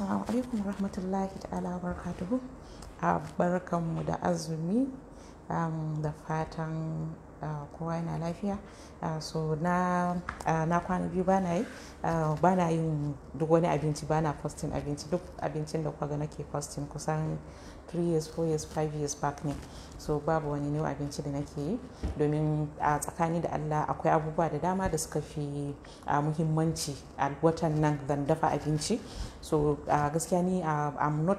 Assalamu alaikum rahmatullahi ta'ala barkatuhu a ah, barkanmu da azumi da fatan kowa yana lafiya so na kwana biyu bana yi na yin duk wani abinci ba na fasting abinci duk abincin da kwaga nake fasting kusan 3 years 4 years 5 years back ne so babu wani new abinci da nake yi domin a tsakani da Allah akwai abubuwa da dama da suka fi muhimmanci a watan nan zan dafa abinci so gaskiya ni i'm not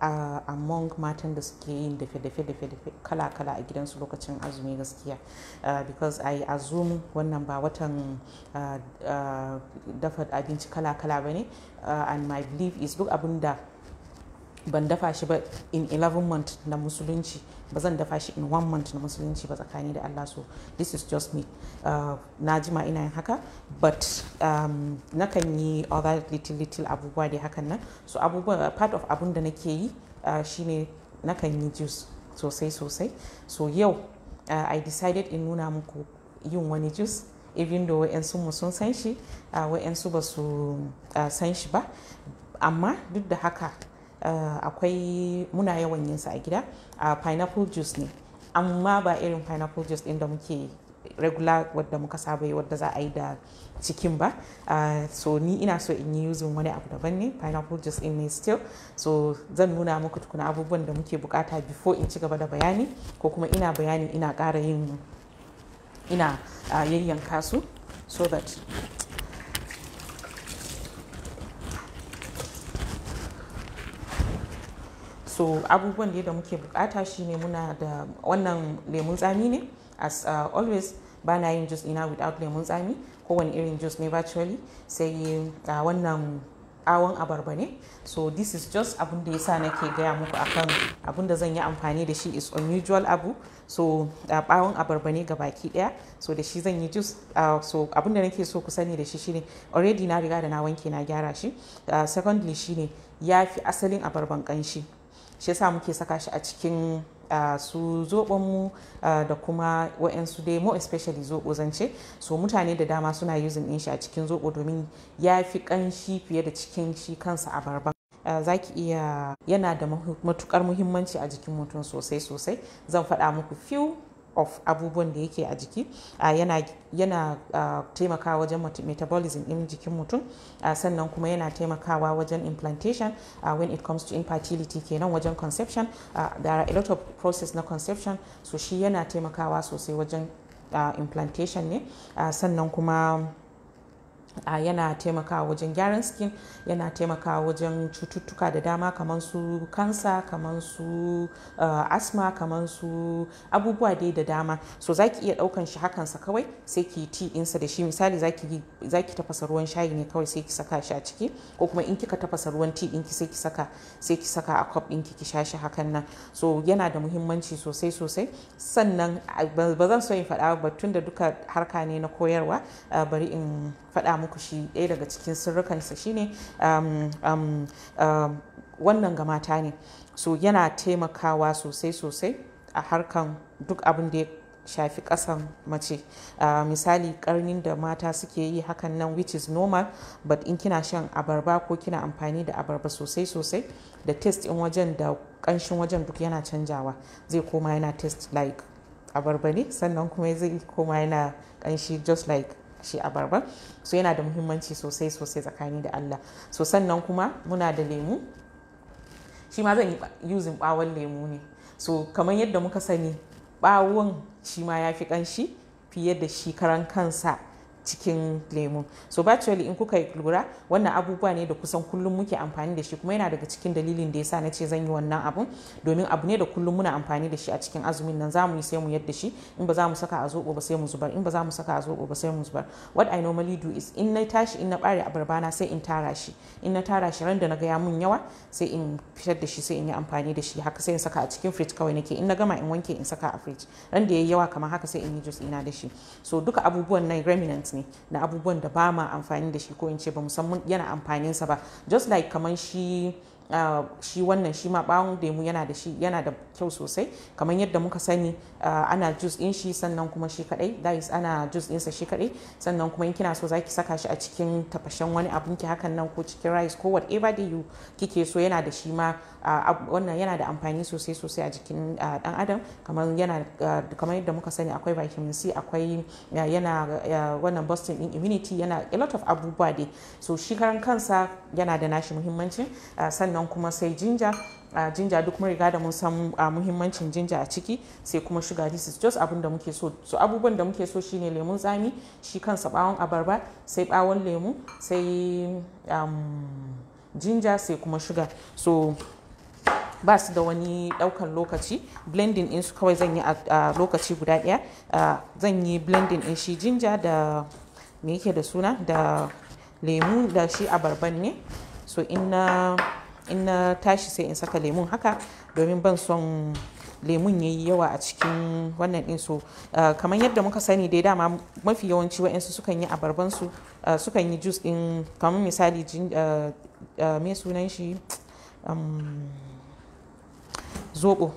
a among matan da suke yin dafe-dafe kala-kala a gidansu lokacin azumi gaskiya uh, because i assume wannan ba watan uh, uh, dafa abinci kala-kala ba ne and my belief is duk abin da ban dafa shi ba in 11 month na musulunci ba zan dafa shi in one month na musulunci ba tsakani da Allah so this is just me uh, na jima ina yin haka but um, nakan yi other little little abubuwa da hakan nan so abubuwa part of abun da nake yi uh, shine nakan yi juice sosai sosai so yau uh, i decided in nuna muku yin wani juice even though wa'yansu mu sun san shi uh, wa'yansu ba su uh, san shi ba amma duk da haka Eh, akwai muna yawan yin sa a gida a pineapple juice ne amma ba irin pineapple juice ɗin da muke regular wadda muka saba yi wadda za a yi da cikin ba so ni ina so in yi using wani abu daban ne pineapple juice in ne still so zan nuna muku tukuna abubuwan da muke bukata before in ci gaba da bayani ko kuma ina bayani ina kara yin ina yayyanka su so that so abubuwan da muke bukata shine muna da wannan lemun tsami ne as uh, always ba na yin jus ina without lemun tsami kowane irin jus ne virtually sai uh, wannan awon abarba ne so this is just abun da yasa nake gaya muku akan abun da zan yi amfani da shi is unusual abu so bawon uh, abarba ne baki daya so da shi zan yi juice uh, so abun da nake so ku sani da shi shine already na riga da na wanke na gyara shi uh, secondly shine ya fi asalin abarban kanshi shi yasa muke saka shi a cikin su zoɓonmu mu. da kuma wa'yansu dai mo especially zoɓo zance so mutane da dama suna using in shi a cikin zoɓo domin ya fi ƙanshi fiye da cikin shi kansa abarba. uh, za ki iya yana da matukar muhimmanci a jikin mutum sosai sosai zan faɗa muku few of abubuwan da yake a jiki yana taimakawa wajen metabolism ɗin jikin mutum sannan kuma yana taimakawa wajen implantation when it comes to infertility kenan wajen conception there are a lot of process na conception so shi yana taimakawa sosai wajen implantation ne sannan kuma a yana taimakawa wajen gyaran skin yana taimakawa wajen cututtuka da dama kamar su kansa kamar su uh, asma kamar su abubuwa dai da dama so za ki iya daukan shi hakansa kawai sai ki ti insa da shi misali za ki tafasa ruwan shayi ne kawai sai ki saka shi a ciki ko kuma in kika tafasa ruwan ti ɗinki sai ki saka sai ki saka a kwab ɗinki ki sha shi hakan nan so yana da muhimmanci sosai sosai sannan ba zan so in faɗa ba tun da duka harka ne na koyarwa uh, bari in faɗa muku shi ɗaya daga cikin sirrikansa shine um, um, um, wannan ga mata ne so yana taimakawa sosai sosai a harkan duk abin da ya shafi ƙasan mace misali karnin da mata suke yi hakan nan which is normal but in kina shan abarba ko kina amfani da abarba sosai sosai da test in wajen da ƙanshin wajen duk yana canjawa zai koma yana test like abarba ne sannan kuma zai koma yana ƙanshi just like shi abarba so yana da muhimmanci sosai sosai tsakani da Allah so sannan kuma muna da lemu shi ma zan yi using bawon lemu ne so kamar yadda muka sani bawon shi ma ya fi kanshi fiye da shi karan kansa cikin lemu so virtually in kuka lura wannan abubuwa ne da kusan kullum muke amfani da shi kuma yana daga cikin dalilin da yasa na ce zan yi wannan abun domin abu ne da kullum muna amfani da shi a cikin azumin nan zamu yi sai mu yadda shi in ba za mu saka a zobo ba sai mu zubar in ba za mu saka a zobo ba sai mu zubar what i normally do is in na tashi in na bare abarba na sai in tara shi in na tara shi ran da na ga ya mun yawa sai in fitar da shi sai in yi amfani da shi haka sai in saka a cikin fridge kawai nake in na gama in wanke in saka a fridge ran da yayi yawa kamar haka sai in yi juice ina da shi so duka abubuwan nan remnants ne ne na abubuwan da ba ma amfani da shi ko in ce ba musamman yana amfaninsa ba just like kamar shi Ah, shi wannan shi ma bawon demu yana da shi yana da kyau sosai kamar yadda muka sani ah, ana jus din shi sannan kuma shi kadai dais ana jus din sa shi kadai sannan kuma in kina so zaki saka shi a cikin tafashen wani abun ki hakan nan ko cikin rice ko whatever da you kike so yana da shi ma ah, wannan yana da amfani sosai sosai a jikin dan adam kamar yana kamar yadda muka sani akwai vitamin C akwai yana wannan boosting in immunity yana a lot of abubuwa dai so shi karan kansa yana da nashi muhimmancin sannan sannan kuma sai jinja a jinja duk mun riga da mun san ah, muhimmancin jinja a ciki sai kuma sugar this is just abin da muke so so abubuwan da muke so shine lemun tsami shi kansa bawon abarba sai bawon lemu sai jinja um, sai kuma sugar so ba su da wani daukan lokaci blending din su kawai zan yi a lokaci guda daya ah, zan yi blending in shi jinja da me yake da suna da lemu da shi abarban ne so in in na tashi sai in saka lemun haka domin ban son lemun ya yi yawa a cikin wannan din so ah, kamar yadda muka sani dai dama mafi yawanci wa'insu sukan yi abarbansu ah, sukan yi jus din, kamar misali ah, me sunan shi zobo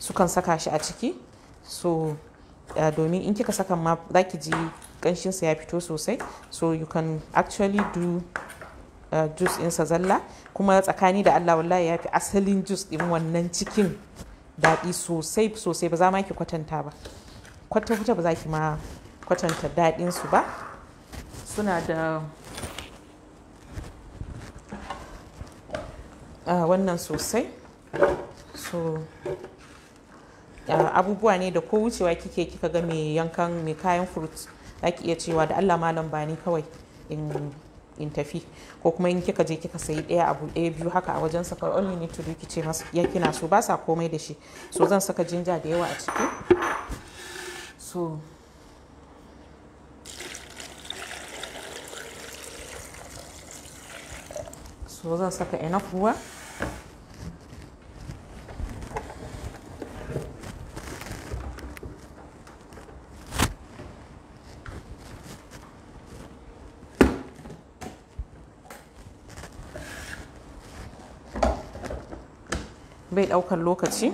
sukan saka shi a ciki so domin in kika saka ma za ki ji kanshinsa ya fito sosai so you can actually do Eh, jus ɗinsa zalla kuma tsakani da Allah wallahi ya fi asalin jus ɗin wannan cikin daɗi sosai sosai ba za ma ki kwatanta ba kwata-kwata ba za ki ma kwatanta su ba suna da ah, wannan sosai so ah, abubuwa ne da ko wucewa kike kika ga mai yankan mai kayan fruit za ki iya cewa da allah malam bani kawai in in tafi ko kuma in kika je kika sayi ɗaya abu ɗaya biyu haka a wajen saka all oh, you need to do ce masu ya kina so ba sa komai da shi so zan saka jinja da yawa a ciki so so zan saka enough ruwa ɗaukar lokaci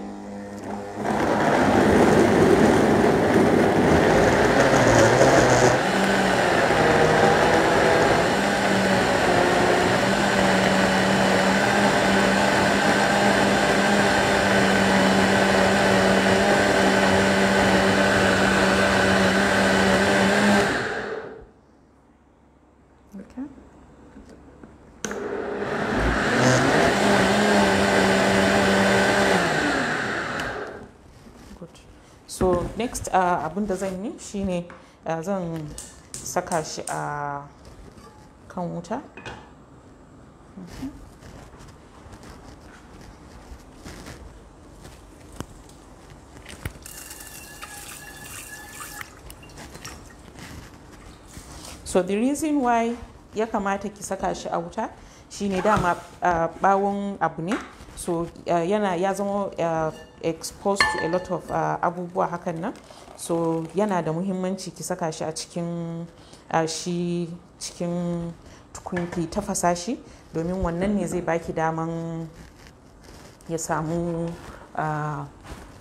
next uh, abin da zan yi shine uh, zan saka shi a kan wuta so the reason why ya kamata ki saka shi a wuta shine dama bawon uh, abu ne so uh, yana ya zama uh, exposed to a lot of uh, abubuwa hakan nan so yana da muhimmanci ki saka shi a cikin shi cikin tukunki tafasa shi domin wannan ne zai baki daman ya samu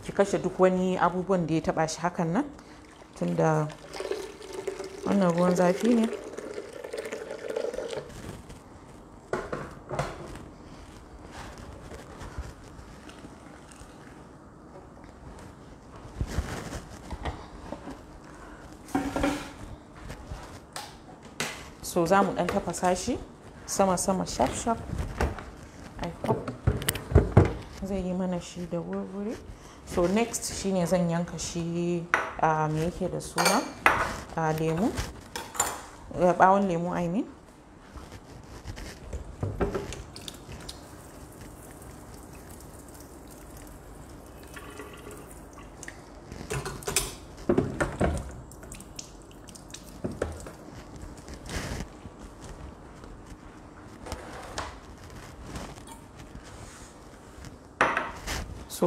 ki kashe duk wani abubuwan da ya taba shi hakan nan tunda wannan ruwan zafi ne so za mu ɗan tafasa shi sama-sama shaf-shaf i hope zai yi mana shi da wuri so next shine zan yanka shi ah, me yake da suna ah, lemu bawon eh, lemu i mean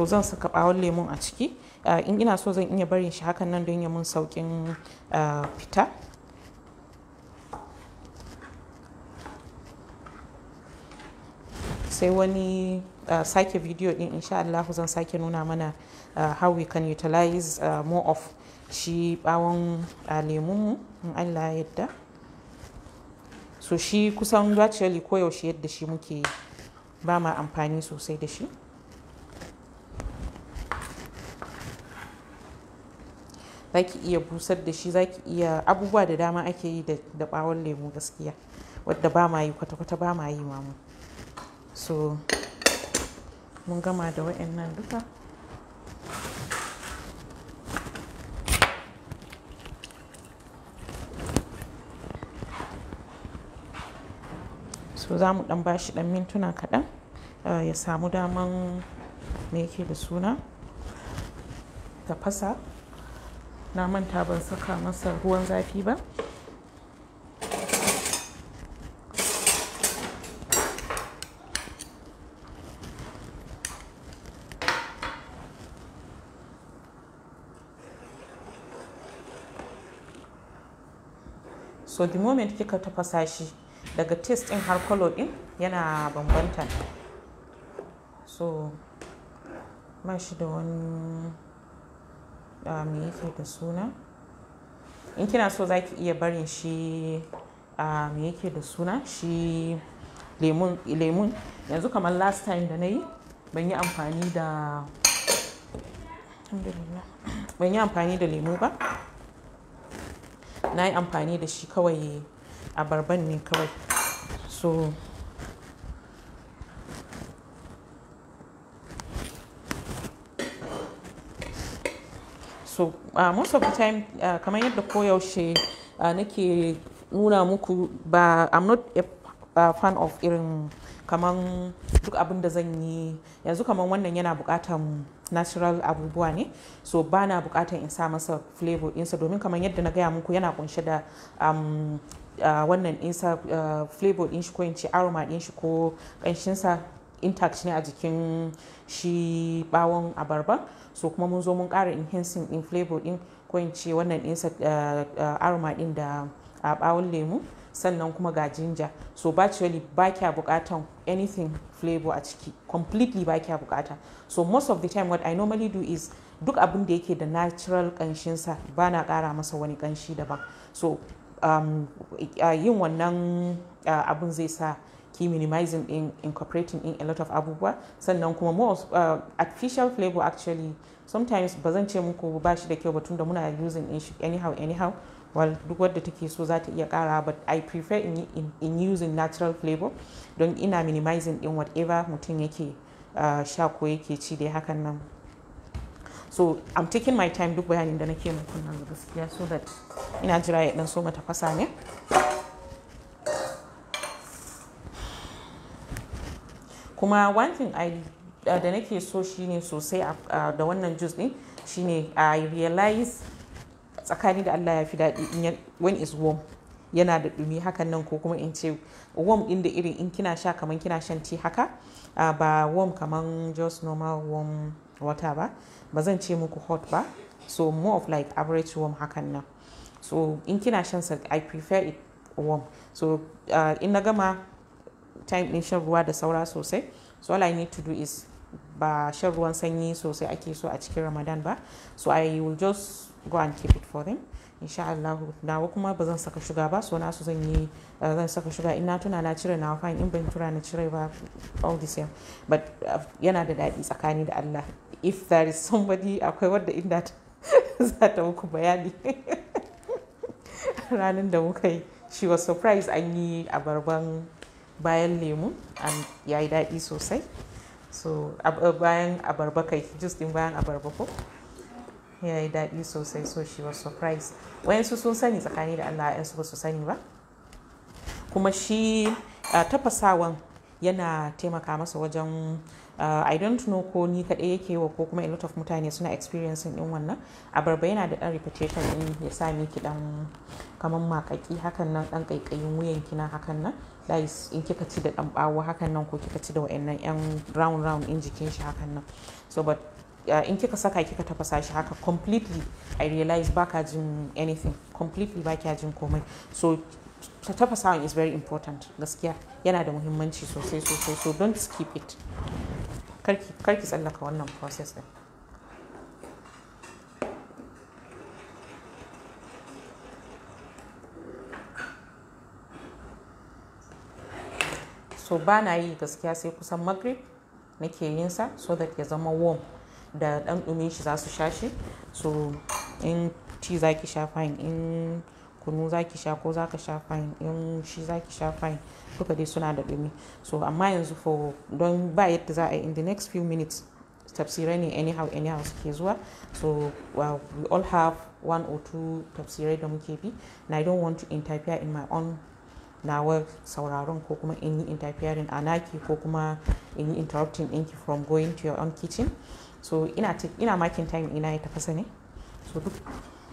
yau zan saka bawon lemun a ciki ah, in ina so zan iya barin shi hakan nan don ya mun saukin ah, fita sai wani ah, sake bidiyo din insha Allah zan sake nuna mana how we can utilize more of shi bawon lemun in Allah yadda so shi kusan virtually koyaushe yadda shi muke ba ma amfani sosai da shi za ki iya busar da shi za ki iya abubuwa da dama ake yi da bawon lemu gaskiya wadda ba ma yi kwata-kwata ba ma yi mamu so mun gama da wa'annan duka so za mu dan bashi dan mintuna kaɗan eh, ya samu daman me yake da suna ta fasa na manta ban saka masa ruwan zafi ba so the moment kika tafasa shi daga taste din har color din yana bambanta so mashi da wani me yake da suna in kina so zaki iya barin shi me yake da suna shi lemun yanzu kamar last time da na yi ban yi amfani da ban yi amfani da lemu ba na yi amfani da shi kawai a barban ne kawai so so uh, most of the time uh, kamar yadda koyaushe uh, nake nuna muku ba i'm not a fan of irin kamar duk abin da zan yi yanzu kamar wannan yana bukatan natural abubuwa ne so ba na bukatan in sa masa flavor insa domin kamar yadda na gaya muku yana kunshe da um, uh, wannan insa uh, flavor din shi ko in ce aroma din shi ko kanshinsa intact ne a jikin shi bawon abarba. so kuma mun zo mun ƙara enhancing in flavor din ko in ce wannan insa eh, eh, aroma din da a bawon lemu sannan kuma ga ginger so virtually ba kya bukatan anything flavor a ciki completely ba kya bukata so most of the time what i normally do is duk abin da yake da natural sa ba na kara masa wani kanshi daban so um, eh, yin wannan uh, zai sa ki minimizing in incorporating in a lot of abubuwa sannan kuma most uh, artificial flavor actually sometimes ba zan ce muku ba shi da kyau ba tunda muna using in anyhow anyhow well duk wadda take so za ta iya kara but i prefer in, in, using natural flavor don ina minimizing in whatever mutum yake uh, sha ko yake ci dai hakan nan so i'm taking my time duk bayanin da nake muku nan gaskiya so that ina jira ya dan so mata fasa ne kuma one thing I uh, da nake so shine sosai da wannan juice din shine I realize tsakani da Allah ya fi daɗi when is warm yana da ɗumi hakan nan ko kuma in ce warm ɗin da irin in kina sha kaman kina shan tea haka ba warm kaman just normal warm water ba ba zan ce muku hot ba so more of like average warm hakan nan so in kina shan sa I prefer it warm so uh, in na gama time ɗin shan ruwa da saura sosai so all i need to do is ba shan ruwan sanyi sosai ake so a cikin ramadan ba so i will just go and keep it for them insha Allah nawa kuma ba zan saka shuga ba so na so zan yi eh, zan saka shuga in na tuna na cire nawa fa in ban tura na cire ba all the same but eh, yana da daɗi tsakani da Allah if there is somebody akwai wadda inda za ta muku bayani ranar da muka yi she was surprised an yi abarban bayan lemu ya yi daɗi sosai so eh, bayan abarba kai jus din bayan abarba ko ya yi daɗi sosai so shi was surprise wayansu sun sani tsakani da allah yansu ba su sani ba kuma shi eh, tafasawan yana taimaka masa wajen eh, i don't know ko ni kaɗai yake wa ko kuma a lot of mutane suna experiencing din wannan abarba yana da ɗan reputation din ya sami kiɗan, ɗan kamar makaki hakan nan ɗan ƙaiƙayin wuyan kina hakan nan dice in kika ci da dan bawo hakan nan ko kika ci da wayannan yan round round in jikin shi hakan nan so but in kika saka kika tafasa shi haka completely i realize baka jin anything completely baka jin komai so ta tafasawan is very important gaskiya yana da muhimmanci sosai sosai so don't skip it karki karki tsallaka wannan process din so ba na yi gaskiya sai kusan magrib nake yin sa so that ya zama warm da dan dumin shi za su sha shi so in ci za ki sha fine in kunu za ki sha ko za ka sha fine in shi za ki sha fine duka dai suna da dumi so amma yanzu for don ba yadda za a in the next few minutes tafsirai ne anyhow anyhow suke zuwa so well, we all have one or two tafsirai da muke bi and i don't want to interfere in my own nawa sauraron ko kuma in yi interfering a naki ko kuma in yi interrupting ɗinki from going to your own kitchen so ina makin time ina ya tafasa ne so duk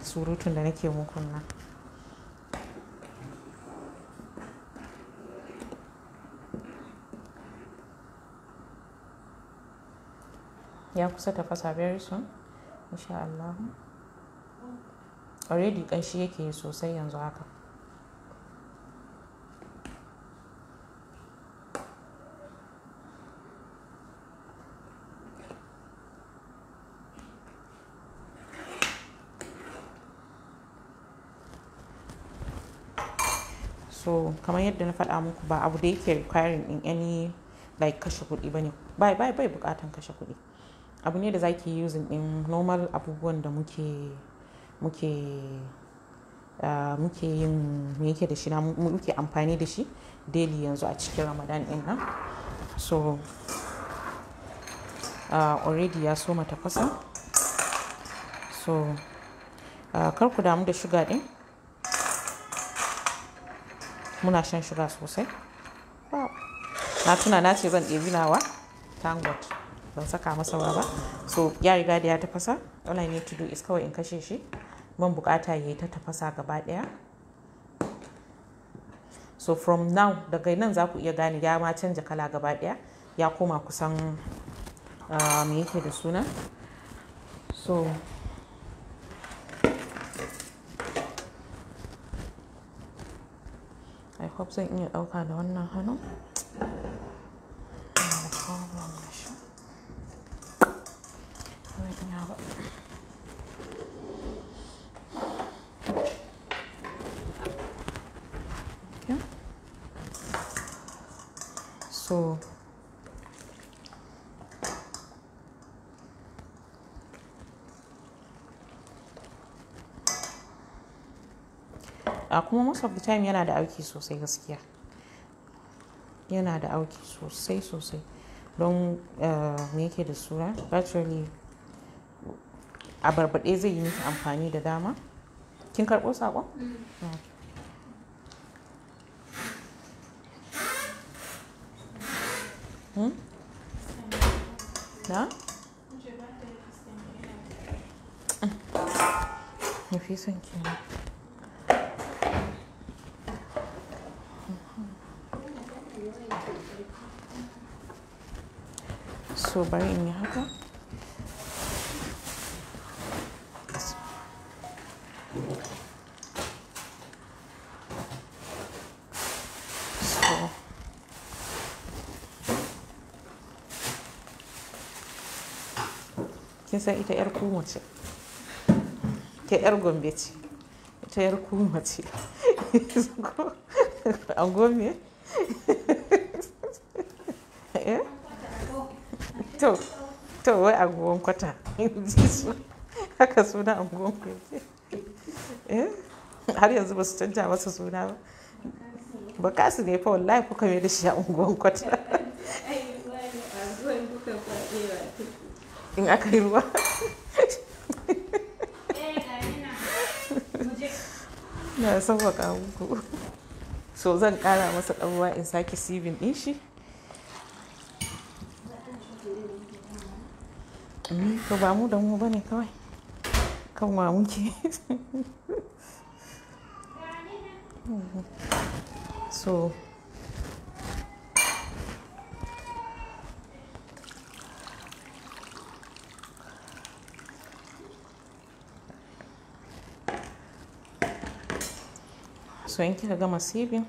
surutun da nake muku na ya kusa tafasa very soon insha Allah already kanshi yake sosai yanzu haka kamar yadda na faɗa muku ba abu da yake requiring in any like kashe kuɗi ne bai bai bai bukatan kashe kuɗi abu ne da zaki yi using in normal abubuwan da muke muke ah, muke yin me yake da shi na muke amfani da shi daily yanzu a cikin ramadan din nan so ah, already ya soma mata kusa so uh, kar ku damu da shuga din muna shan shuga sosai na tuna na ce zan ɗebi nawa tangot ban saka masa ba so ya riga da ya tafasa all i need to do is kawai in kashe shi man bukata ya yi ta tafasa gaba daya so from now daga nan za ku iya gane ya ma canja kala gaba ɗaya ya koma kusan ah, me yake da suna so አይኮብዘኝ አውታለሁ እና ሆኖ a kuma most of the time yana da auki sosai gaskiya yana da auki sosai sosai don eh, me yake da sura virtually a barbaɗe zai yi miki amfani da dama kin karɓo saƙon? Hmm? na? Nafi hmm. son kenan. so bari in yi haka kin san ita 'yar kuma ce ta 'yar gombe ce ita 'yar kuma ce a gombe to to wai anguwan kwata haka suna anguwan kwata eh? har yanzu ba su canja masa suna ba bakasu ne fa wallahi kuka mai da shi a unguwan kwata in aka yi ruwa na sauwaka kawo so zan kara masa ɗan in sake sibin ɗin shi to ba mu da mu bane kawai kan wa muke so so in kika gama sibin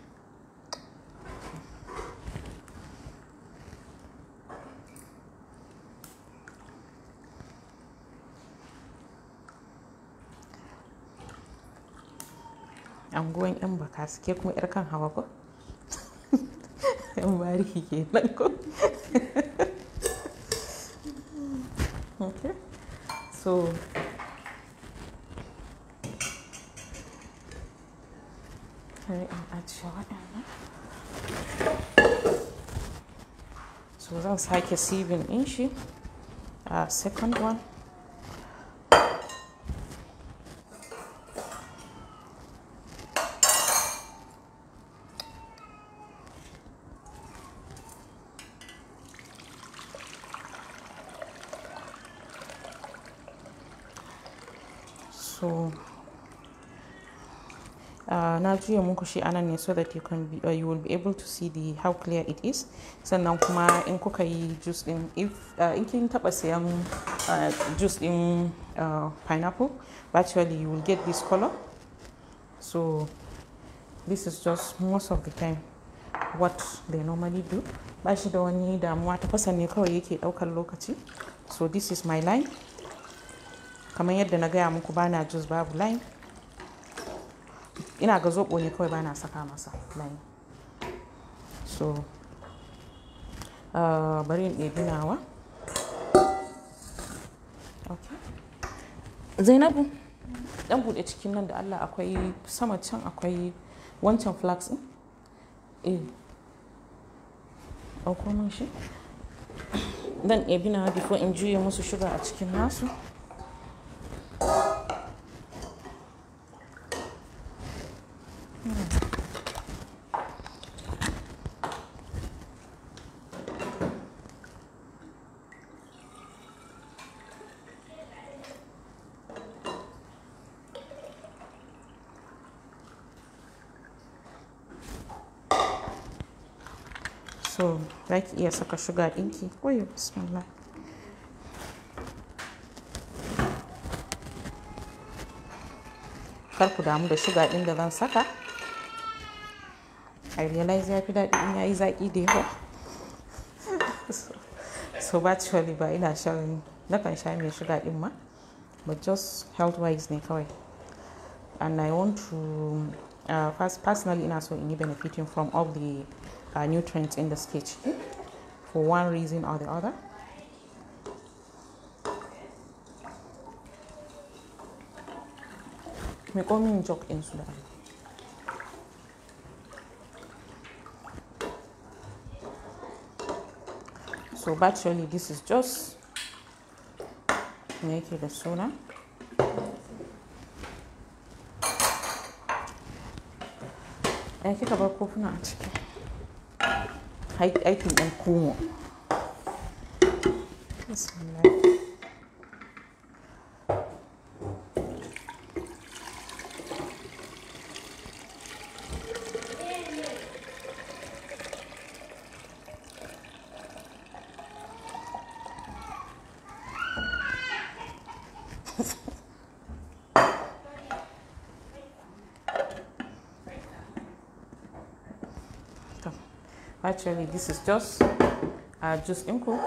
haske kuma yar kan hawa ko yan bari ke nan ko so kare in ajiye waɗannan so zan sake sibin ɗin shi a uh, second one do your mukushi so that you can be, uh, you will be able to see the how clear it is sannan kuma in kuka yi juice din if uh, in kin taba sayan uh, juice din uh, pineapple virtually you will get this color so this is just most of the time what they normally do ba shi da wani damuwa tafasa ne kawai yake daukar lokaci so this is my line kamar yadda na gaya muku bana juice babu line ina ga zoɓo ne kawai bana saka masa layi so uh, bari in ɗebi nawa okay. zainabu ɗan buɗe cikin nan da allah akwai sama can akwai wancan flax ɗin eh ɗauko shi dan ɗebi nawa before in juye musu shuga a cikin nasu so za ki iya saka shuga ɗinki oyo bismillah kar ku damu da shuga ɗin da zan saka i realize ya fi daɗi in yayi zaƙi da yawa so virtually ba ina shan kan sha mai shuga ɗin ma but just health wise ne kawai and i want to uh, personally ina so in yi benefiting from all the uh, nutrients in the stitch for one reason or the other. So but surely this is just make it a soda. Ya think about kofuna a ciki. aikin ɗan kumo actually this is just a uh, just inko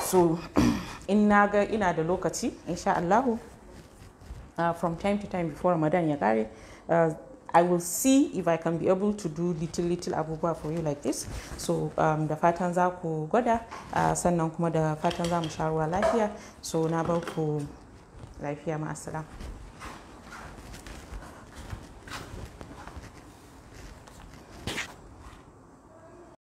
so in na ga ina da lokaci insha uh, from time to time before Ramadan ya kare uh, I will see if I can be able to do little little abubuwa for you like this so um, da fatan za ku gwada uh, sannan kuma da fatan za mu sha ruwa lafiya so na ba ku lafiya ma